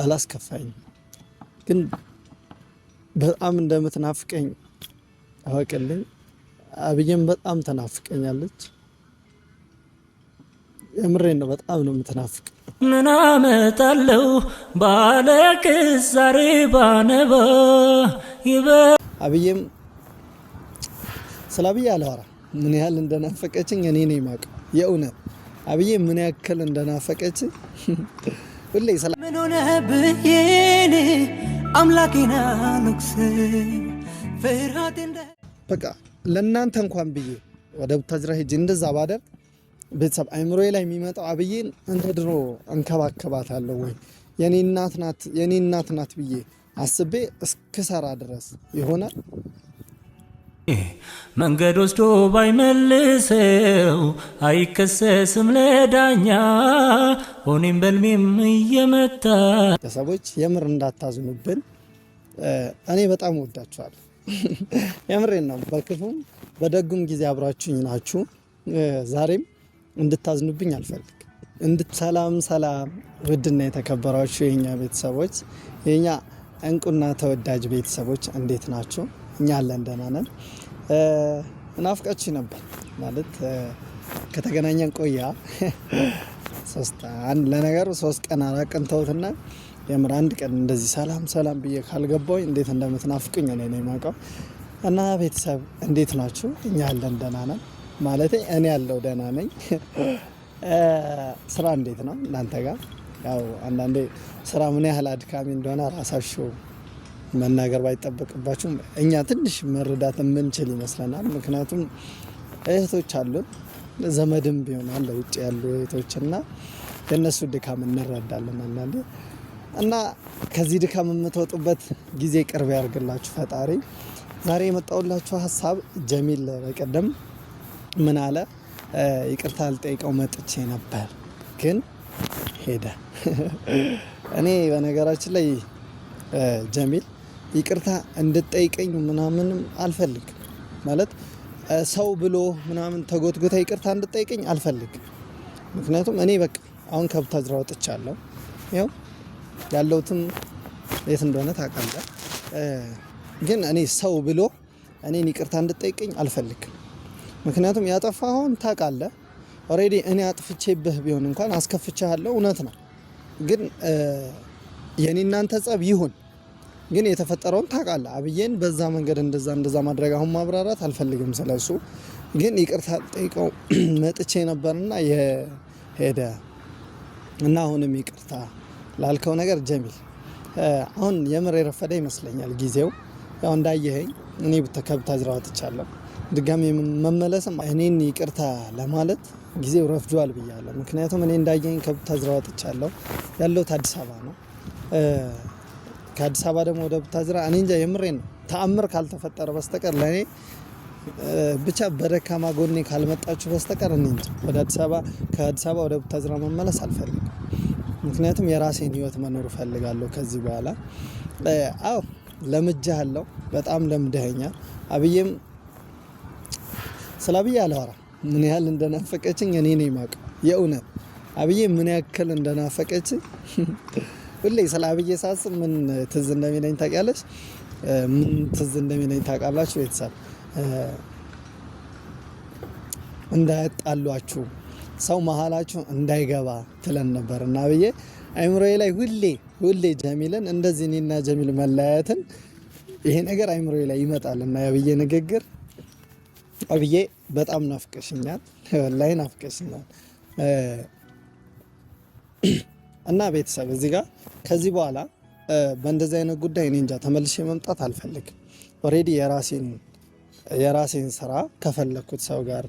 አላስከፋኝ ግን በጣም እንደምትናፍቀኝ አወቅልኝ። አብዬም በጣም ተናፍቀኛለች። የምሬ ነው። በጣም ነው የምትናፍቅ። ምን አመጣለሁ ባለቅስ ዛሬ ባነባ ይበ አብዬም ስለ አብዬ አላወራ። ምን ያህል እንደናፈቀችኝ እኔ ነኝ የማውቀው። የእውነት አብዬ ምን ያክል እንደናፈቀችኝ ሁሌ ሰላም ምን ሆነ ብዬኔ አምላኬና ንጉስ ፍርሃት እንደ በቃ ለእናንተ እንኳን ብዬ ወደ ቡታጅራ ሄጄ እንደዛ ባደርግ ቤተሰብ አይምሮዬ ላይ የሚመጣው አብዬን እንደ ድሮ እንከባከባታለሁ ወይ የኔ እናት ናት የኔ እናት ናት ብዬ አስቤ እስክሰራ ድረስ ይሆናል። መንገድ ወስዶ ባይመልሰው አይከሰስም ለዳኛ። ሆኔም በልሜም እየመታ ቤተሰቦች የምር እንዳታዝኑብን። እኔ በጣም ወዳችኋል። የምሬን ነው። በክፉም በደጉም ጊዜ አብራችሁኝ ናችሁ። ዛሬም እንድታዝኑብኝ አልፈልግ ሰላም ሰላም፣ ውድና የተከበራችሁ የኛ ቤተሰቦች የኛ እንቁና ተወዳጅ ቤተሰቦች እንዴት ናችሁ? እኛ አለን ደህና ነን። ናፍቀች ነበር ማለት ከተገናኘን ቆያ ለነገሩ ሶስት ቀን አራት ቀን ተውትና የምር አንድ ቀን እንደዚህ ሰላም ሰላም ብዬ ካልገባኝ እንዴት እንደምትናፍቁኝ እኔ ነው የማውቀው። እና ቤተሰብ እንዴት ናችሁ? እኛ ያለን ደህና ነን ማለት እኔ ያለው ደህና ነኝ። ስራ እንዴት ነው እናንተ ጋር? ያው አንዳንዴ ስራ ምን ያህል አድካሚ እንደሆነ ራሳችሁ መናገር ባይጠበቅባችሁም እኛ ትንሽ መረዳት የምንችል ይመስለናል። ምክንያቱም እህቶች አሉን ዘመድም ቢሆናል ለውጭ ያሉ እህቶች እና የእነሱ ድካም እንረዳለን አንዳንዴ እና ከዚህ ድካም የምትወጡበት ጊዜ ቅርብ ያደርግላችሁ ፈጣሪ። ዛሬ የመጣውላችሁ ሀሳብ ጀሚል በቀደም ምን አለ፣ ይቅርታ ልጠይቀው መጥቼ ነበር ግን ሄደ። እኔ በነገራችን ላይ ጀሚል ይቅርታ እንድጠይቀኝ ምናምንም አልፈልግ ማለት ሰው ብሎ ምናምን ተጎትጎታ ይቅርታ እንድጠይቀኝ አልፈልግ ምክንያቱም እኔ በቃ አሁን ከብት አዝራ ወጥቻለሁ። ያው ያለሁትም የት እንደሆነ ታውቃለህ። ግን እኔ ሰው ብሎ እኔን ይቅርታ እንድጠይቀኝ አልፈልግ ምክንያቱም ያጠፋሁን ታውቃለህ። ኦልሬዲ እኔ አጥፍቼብህ ቢሆን እንኳን አስከፍቼሃለሁ፣ እውነት ነው። ግን የኔ እናንተ ጸብ ይሁን ግን የተፈጠረውን ታውቃለህ። አብዬን በዛ መንገድ እንደዛ እንደዛ ማድረግ አሁን ማብራራት አልፈልግም። ስለሱ ግን ይቅርታ ጠይቀው መጥቼ ነበርና የሄደ እና አሁንም ይቅርታ ላልከው ነገር ጀሚል፣ አሁን የምር የረፈደ ይመስለኛል ጊዜው። ያው እንዳየኸኝ እኔ ከብት አጅራ ወጥቻለሁ። ድጋሚ መመለስም እኔን ይቅርታ ለማለት ጊዜው ረፍዷል ብያለሁ። ምክንያቱም እኔ እንዳየኝ ከብት አጅራ ወጥቻለሁ። ያለሁት አዲስ አበባ ነው። ከአዲስ አበባ ደግሞ ወደ ቡታጅራ እኔ እንጃ የምሬ ነው። ተአምር ካልተፈጠረ በስተቀር ለእኔ ብቻ በደካማ ጎኔ ካልመጣችሁ በስተቀር እኔ እንጃ ወደ አዲስ አበባ ከአዲስ አበባ ወደ ቡታጅራ መመለስ አልፈልግም። ምክንያቱም የራሴን ህይወት መኖር እፈልጋለሁ ከዚህ በኋላ። አዎ አለው በጣም ለምደኛ አብዬም ስለ አብዬ አላወራም። ምን ያህል እንደናፈቀችኝ እኔ ነው የማውቀው። የእውነት አብዬ ምን ያክል እንደናፈቀችኝ ሁሌ ስለ አብዬ ሳስብ ምን ትዝ እንደሚለኝ ታውቂያለሽ? ምን ትዝ እንደሚለኝ ታውቃላችሁ? ቤተሰብ እንዳያጣሏችሁ፣ ሰው መሀላችሁ እንዳይገባ ትለን ነበር እና አብዬ አይምሮዬ ላይ ሁሌ ሁሌ ጀሚልን እንደዚህ እኔና ጀሚል መለያየትን ይሄ ነገር አይምሮዬ ላይ ይመጣል እና የአብዬ ንግግር አብዬ በጣም ናፍቀሽኛል፣ ላይ ናፍቀሽኛል እና ቤተሰብ እዚህ ጋር ከዚህ በኋላ በእንደዚህ አይነት ጉዳይ እኔ እንጃ ተመልሼ መምጣት አልፈልግም። ኦልሬዲ የራሴን ስራ ከፈለኩት ሰው ጋር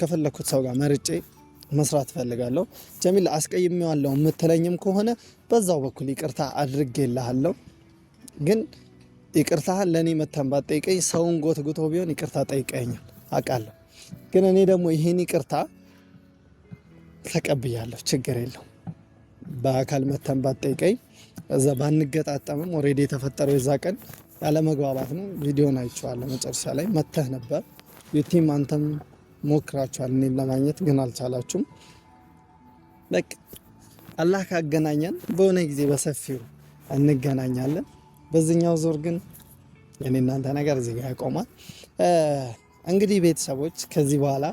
ከፈለኩት ሰው ጋር መርጬ መስራት ፈልጋለሁ። ጀሚል አስቀይሜዋለሁ የምትለኝም ከሆነ በዛው በኩል ይቅርታ አድርጌልሃለሁ። ግን ይቅርታህን ለእኔ መተን ባትጠይቀኝ ሰውን ጎትጉቶ ቢሆን ይቅርታ ጠይቀኛል አውቃለሁ። ግን እኔ ደግሞ ይህን ይቅርታ ተቀብያለሁ። ችግር የለው። በአካል መተን ባጠይቀኝ እዛ ባንገጣጠምም ኦልሬዲ የተፈጠረው የዛ ቀን ያለመግባባት ነው። ቪዲዮን አይቼዋለሁ። መጨረሻ ላይ መተህ ነበር ዩቲም አንተም ሞክራችኋል፣ እኔን ለማግኘት ግን አልቻላችሁም። በቃ አላህ ካገናኘን በሆነ ጊዜ በሰፊው እንገናኛለን። በዚህኛው ዞር ግን እኔ እናንተ ነገር እዚህ ያቆማል። እንግዲህ ቤተሰቦች ከዚህ በኋላ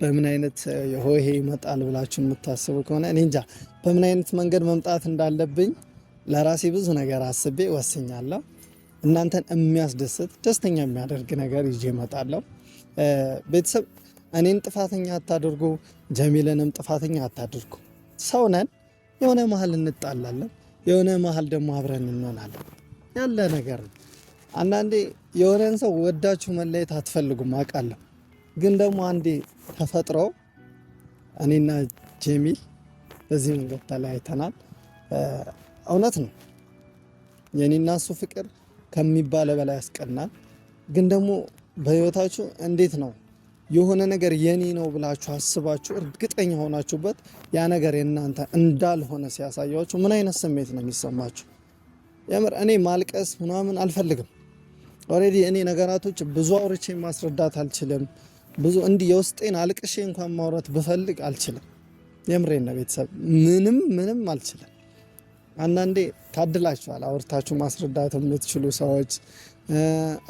በምን አይነት የሆሄ ይመጣል ብላችሁ የምታስቡ ከሆነ እኔ እንጃ በምን አይነት መንገድ መምጣት እንዳለብኝ ለራሴ ብዙ ነገር አስቤ ወስኛለሁ። እናንተን የሚያስደስት ደስተኛ የሚያደርግ ነገር ይዤ እመጣለሁ። ቤተሰብ እኔን ጥፋተኛ አታድርጉ፣ ጀሚልንም ጥፋተኛ አታድርጉ። ሰው ነን። የሆነ መሀል እንጣላለን፣ የሆነ መሀል ደግሞ አብረን እንሆናለን። ያለ ነገር ነው። አንዳንዴ የሆነን ሰው ወዳችሁ መለየት አትፈልጉም አውቃለሁ። ግን ደግሞ አንዴ ተፈጥሮ እኔና ጄሚ በዚህ መንገድ ተለያይተናል። እውነት ነው የእኔና እሱ ፍቅር ከሚባለ በላይ ያስቀናል። ግን ደግሞ በህይወታችሁ እንዴት ነው የሆነ ነገር የኔ ነው ብላችሁ አስባችሁ እርግጠኛ ሆናችሁበት ያ ነገር የእናንተ እንዳልሆነ ሲያሳያችሁ ምን አይነት ስሜት ነው የሚሰማችሁ? የምር እኔ ማልቀስ ምናምን አልፈልግም። ኦልሬዲ እኔ ነገራቶች ብዙ አውርቼ ማስረዳት አልችልም። ብዙ እንዲህ የውስጤን አልቅሼ እንኳን ማውራት ብፈልግ አልችልም። ነው ቤተሰብ ምንም ምንም አልችልም። አንዳንዴ ታድላችኋል፣ አውርታችሁ ማስረዳት የምትችሉ ሰዎች፣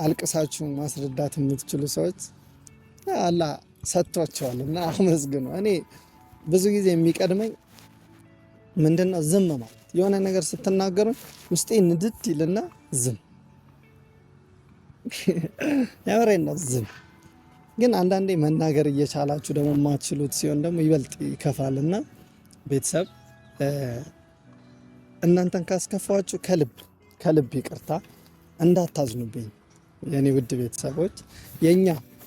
አልቅሳችሁ ማስረዳት የምትችሉ ሰዎች አላ ሰጥቷቸዋል እና አመስግኑ። እኔ ብዙ ጊዜ የሚቀድመኝ ምንድነው ዝም ማለት የሆነ ነገር ስትናገሩ ውስጤ ንድድ ይልና ዝም ነው ዝም ግን አንዳንዴ መናገር እየቻላችሁ ደግሞ የማትችሉት ሲሆን ደግሞ ይበልጥ ይከፋል እና ቤተሰብ እናንተን ካስከፋችሁ ከልብ ከልብ ይቅርታ እንዳታዝኑብኝ የኔ ውድ ቤተሰቦች፣ የእኛ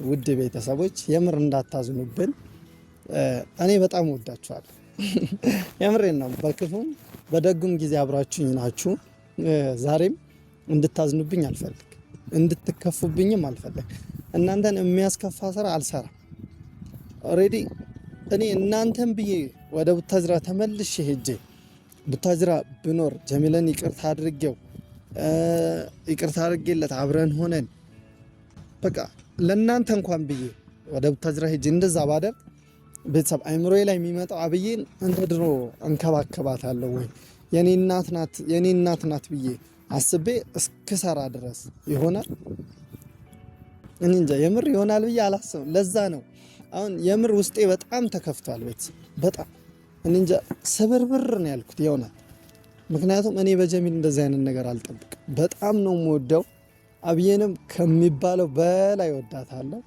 ውድ ቤተሰቦች የምር እንዳታዝኑብን። እኔ በጣም ወዳችኋል። የምሬን ነው። በክፉም በደጉም ጊዜ አብራችሁኝ ናችሁ። ዛሬም እንድታዝኑብኝ አልፈልግ፣ እንድትከፉብኝም አልፈልግ። እናንተን የሚያስከፋ ስራ አልሰራም። ኦልሬዲ እኔ እናንተን ብዬ ወደ ቡታጅራ ተመልሼ ሄጄ ቡታጅራ ብኖር ጀሚለን ይቅርታ አድርጌው ይቅርታ አድርጌለት አብረን ሆነን በቃ ለእናንተ እንኳን ብዬ ወደ ቡታጅራ ሄጄ እንደዛ ባደር ቤተሰብ አይምሮዬ ላይ የሚመጣው አብዬን እንደ ድሮ እንከባከባታለሁ ወይ የኔ እናት ናት የኔ እናት ናት ብዬ አስቤ እስክሰራ ድረስ ይሆናል። እኔ እንጃ የምር ይሆናል ብዬ አላስብም። ለዛ ነው አሁን የምር ውስጤ በጣም ተከፍቷል። ቤተሰብ በጣም እኔ እንጃ ስብርብር ነው ያልኩት ይሆናል። ምክንያቱም እኔ በጀሚል እንደዚህ አይነት ነገር አልጠብቅም። በጣም ነው የምወደው። አብዬንም ከሚባለው በላይ ወዳታለሁ።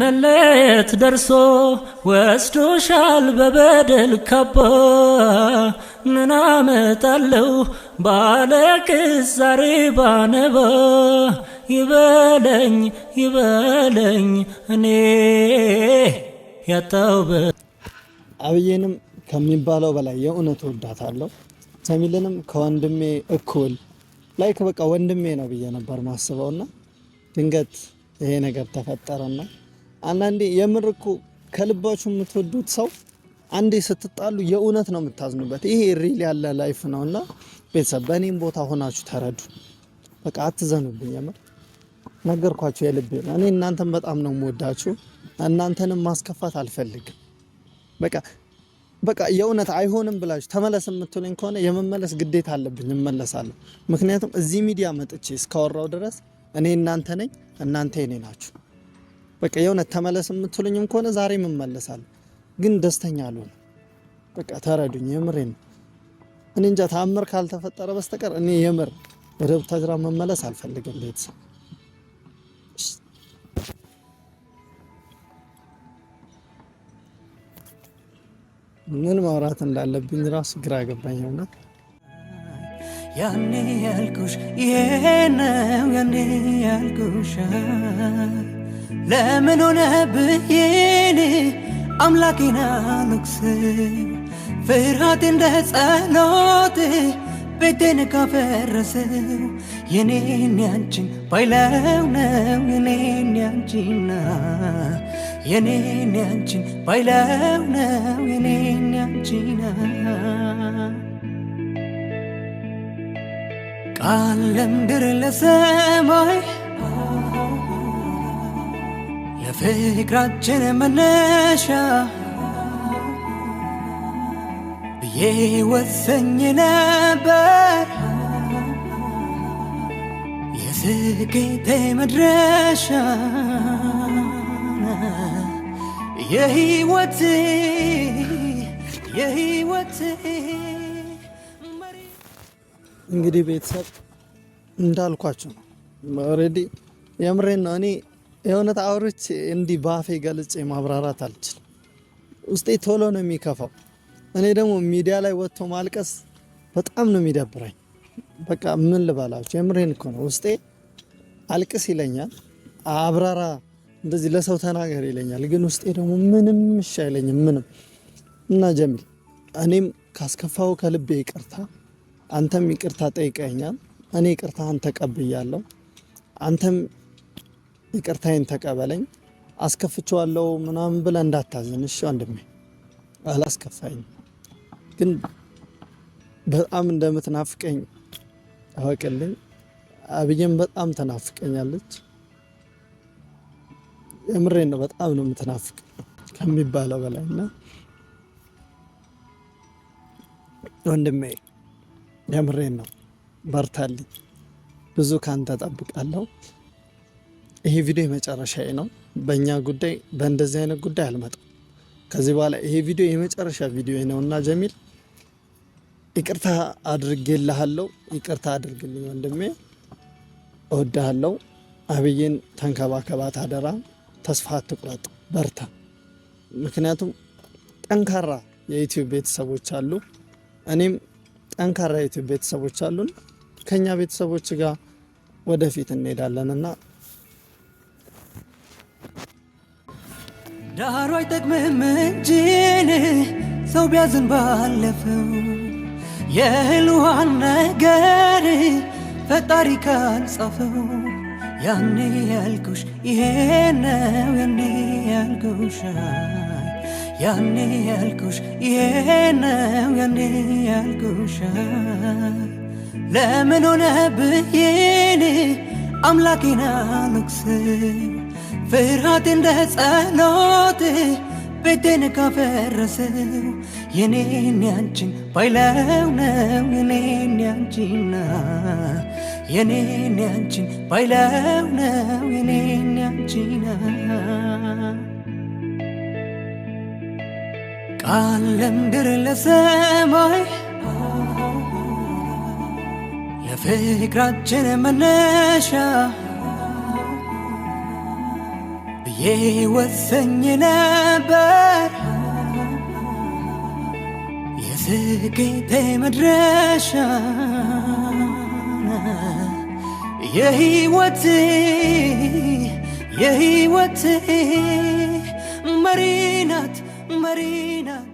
መለየት ደርሶ ወስዶሻል በበደል ካባ ምን አመጣለሁ ባለቅስ ዛሬ ባነባ ይበለኝ ይበለኝ እኔ ያጣውበት አብዬንም ከሚባለው በላይ የእውነት ወዳታለሁ። ሰሚልንም ከወንድሜ እኩል ላይክ በቃ ወንድሜ ነው ብዬ ነበር ማስበውና ድንገት ይሄ ነገር ተፈጠረና አንዳንዴ የምር እኮ ከልባችሁ የምትወዱት ሰው አንዴ ስትጣሉ የእውነት ነው የምታዝኑበት። ይሄ ሪል ያለ ላይፍ ነውና ቤተሰብ በእኔም ቦታ ሆናችሁ ተረዱ። በቃ አትዘኑብኝ። የምር ነገርኳችሁ የልብ እኔ እናንተን በጣም ነው የምወዳችሁ። እናንተንም ማስከፋት አልፈልግም። በቃ በቃ የእውነት አይሆንም ብላችሁ ተመለስ የምትሉኝ ከሆነ የመመለስ ግዴታ አለብኝ፣ እመለሳለሁ። ምክንያቱም እዚህ ሚዲያ መጥቼ እስካወራው ድረስ እኔ እናንተ ነኝ፣ እናንተ የኔ ናችሁ። በቃ የእውነት ተመለስ የምትሉኝም ከሆነ ዛሬ እመለሳለሁ፣ ግን ደስተኛ አልሆነ። በቃ ተረዱኝ፣ የምሬ ነው። እኔ እንጃ ታምር ካልተፈጠረ በስተቀር እኔ የምር ወደ ቡታጅራ መመለስ አልፈልግም። ቤተሰብ ምን ማውራት እንዳለብኝ ራሱ ግራ ገባኝ። እውነት ያኔ ያልኩሽ ይሄ ነው ያኔ ያልኩሽ ለምን ሆነ ብዬ አምላኬና ልኩስ ፍርሃት እንደ ጸሎት ቤቴን ካፈረሰው የኔን ያንቺን ባይለው ነው የኔን ያንቺና የኔን ያንቺን ባይለው ነው የኔን ያንቺና ቃል ለምድር ለሰማይ የፍቅራችን መነሻ ብዬ ወሰኝ ነበር የስኬቴ መድረሻ የህይወቴ የህይወቴ እንግዲህ ቤተሰብ እንዳልኳችሁ ነው። ኦልሬዲ የምሬን ነው። እኔ የእውነት አውርቼ እንዲህ ባፌ ገልጬ ማብራራት አልችልም። ውስጤ ቶሎ ነው የሚከፋው። እኔ ደግሞ ሚዲያ ላይ ወጥቶ ማልቀስ በጣም ነው የሚደብረኝ። በቃ ምን ልባላችሁ፣ የምሬን እኮ ነው። ውስጤ አልቅስ ይለኛል፣ አብራራ፣ እንደዚህ ለሰው ተናገር ይለኛል። ግን ውስጤ ደግሞ ምንም እሺ አይለኝም ምንም። እና ጀሚል እኔም ካስከፋው ከልቤ ይቅርታ፣ አንተም ይቅርታ ጠይቀኛል፣ እኔ ይቅርታህን ተቀብያለሁ፣ አንተም ይቅርታዬን ተቀበለኝ። አስከፍቼዋለሁ ምናምን ብለህ እንዳታዝን እሺ ወንድሜ። አላስከፋኝም። ግን በጣም እንደምትናፍቀኝ አወቅልኝ አብዬም በጣም ተናፍቀኛለች። የምሬ ነው። በጣም ነው የምትናፍቅ ከሚባለው በላይ እና ወንድሜ የምሬ ነው። በርታልኝ። ብዙ ካን ጠብቃለሁ። ይሄ ቪዲዮ የመጨረሻዬ ነው። በእኛ ጉዳይ፣ በእንደዚህ አይነት ጉዳይ አልመጣም ከዚህ በኋላ። ይሄ ቪዲዮ የመጨረሻ ቪዲዮ ነውና ጀሚል ይቅርታ አድርጌልሃለሁ። ይቅርታ አድርግልኝ ወንድሜ፣ እወድሃለሁ። አብዬን ተንከባከባት አደራ። ተስፋ አትቁረጥ፣ በርታ። ምክንያቱም ጠንካራ የዩትዩብ ቤተሰቦች አሉ፣ እኔም ጠንካራ የዩትዩብ ቤተሰቦች አሉን። ከኛ ቤተሰቦች ጋር ወደፊት እንሄዳለን እንሄዳለንና ዳሩ አይጠቅምም እንጂን ሰው ቢያዝን ባለፈው የህልዋን ነገር ፈጣሪ ካልጻፈው ያኔ ያልኩሽ ይሄ ነው ያኔ ያልኩሽ ያኔ ያልኩሽ ይሄ ነው ያኔ ያልኩሽ ለምን ሆነ ብዬኔ አምላኬና ንጉሥ ፍርሃት እንደ ጸሎት ቤቴን ካፈረሰው የኔን ያንቺን ባይለው ነው የኔን ያንቺና የኔን ያንቺን ባይለው ነው የኔን ያንቺና ቃል ለምድር ለሰማይ ለፍቅራችን መነሻ የወሰኝ ነበር የስኬቴ መድረሻ የህይወቴ የህይወቴ መሪ ናት